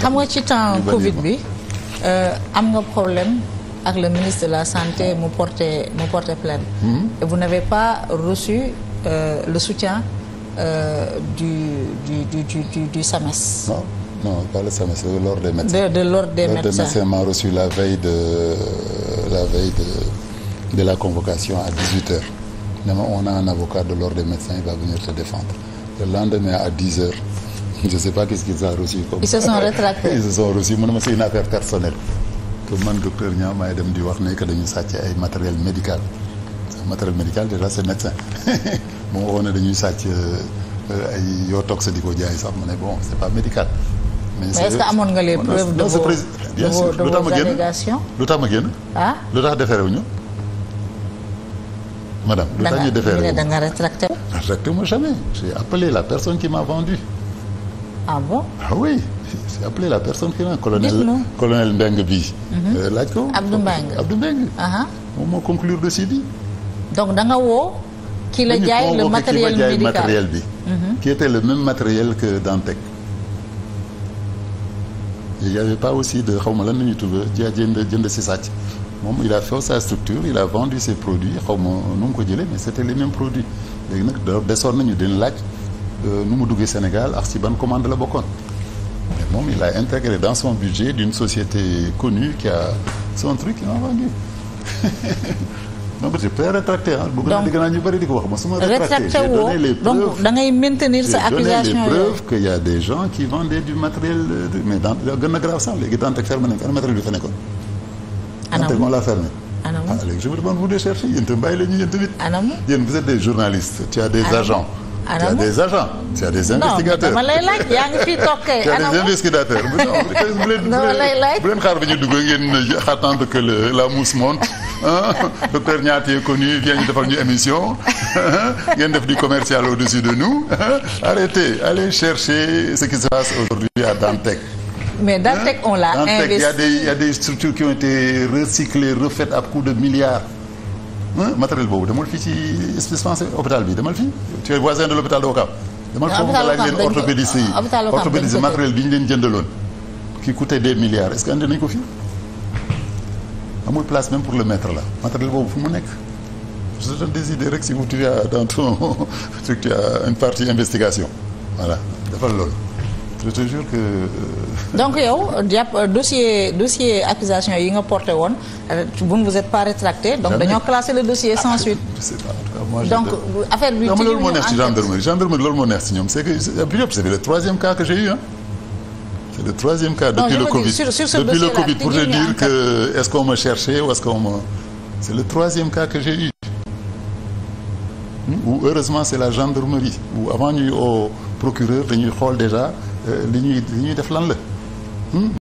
xam nga ci temps Covid bi euh, am nga problème ak le ministre de la santé mu porté mu porté plainte. Hmm? et vous n'avez pas reçu euh, le soutien euh, du du du du du SAMES. non non pas le SAMES l'ordre des médecins. de l'ordre des médecins m'a reçu la veille de la veille de la convocation à 18 heures. dama on a un avocat de l'ordre des médecins il va venir te défendre le lendemain à 10 heures. je sais pas qu'est-ce qu'ils ont reçu comme. ils se sont rétractés ils se sont reçus mu ne ma c'est une affaire personnelle. que man docteur Niang maay dem di wax ne que dañu sàcc ay matériel médical matériel médical déjà c'est médecin moom waxoon ne dañuy sàcc euh, ay yoo toog sa di ko jaay sax mu ne bon c'est pas médical. mais est-ce amoon nga les preuves de vos bien sûr lu tax ma lu tax ma génn. ah lu tax deferewuñu madame lu tax ñu deferewuñu da nga rétracté rétracté moi jamais j'ai appelé la personne ci m'a vendu. ah bon ah oui j'ai la personne qui colonel colonel Mbengue bii. Mhm. Euh, laaj ko Abdou Mbengue Abdou Mbengue. Uh-huh. moom moo conclure dossier bi. donc da woo. ki la jaay le matériel bi. Mhm. qui était le même matériel que Dantec. il y pas aussi de xaw lan la ñuy tudd jënd jënd si sàcc moom il a fait sa structure il a vendu ses produits xaw ma nu mu ko jëlee mais c'était les mêmes produits léegi nag desoon nañu dina laaj. Euh, nu mu duggee Sénégal ak ci ban commande la bokkoon mais moom il a intégré dans son budget d'une société connue qui a son truc il a vendu non mais c'est très rétracté ah. bëgg ñu bëri di ko wax ma su ma rétracté j'ai donné les preuves maintenir sa accusation j'ai donné les preuves a des gens qui vendaient du matériel mais dans gën na grave sax léegi Dantec fermé nañ ko ana matériel bi fa nekkoon. anam Dantec moom ah, je vous demande vous de chercher yéen itam bàyyi la ñu yéen tamit. vous êtes des journalistes. tu as tu ah, as des agents tu as des investigateurs non dama lay laaj yaa ngi fii toog kay. tu as des investigateurs bu leen xaar ba ñu dugg ngeen attendre que la mousse monte docteur Niaté est connu vient ñu defal ñu émission ngeen def du commercial au-dessus de nous arrêtez allez chercher ce qui se passe aujourd'hui à Dantec. mais Dantec on l'a investi Dantec il y a des il y a des structures qui ont été recyclées refaites à coups de milliards. matériel boobu demal fii ci dispensaire hôpital bi demal fi tu es voisin de l'hôpital de Ouakam demal ah, foofu nga laaj leen orthopédiste yi orthopédiste matériel bi ñu leen jëndaloon qui coûtait des milliards est-ce que andi nañ ko fii amul place même pour le mettre là matériel boobu fu mu nekk je donne des idées rek si vous tu as dans ton truc tu as une partie investigation voilà defal loolu je te que. Euh, donc yow jàpp euh, dossier dossier accusation yi nga porté woon bu euh, ne vous êtes pas rétracté. donc dañoo classé le dossier sans suite. je sais pas en tout cas donc affaire bi. tijji loolu moo neex ci gendarmerie gendarmerie loolu moo neex ci ñoom c'est que c'est le troisième cas que j'ai eu ah. c'est le troisième cas depuis le Covid depuis le Covid la te dire est-ce qu'on m'a cherché ou est-ce qu'on m'a c'est le troisième cas que j'ai eu. Hmm? ou heureusement c'est la gendarmerie ou avant ñuy au procureur dañuy xool déjà. li ñuy li ñuy def lan la hmm?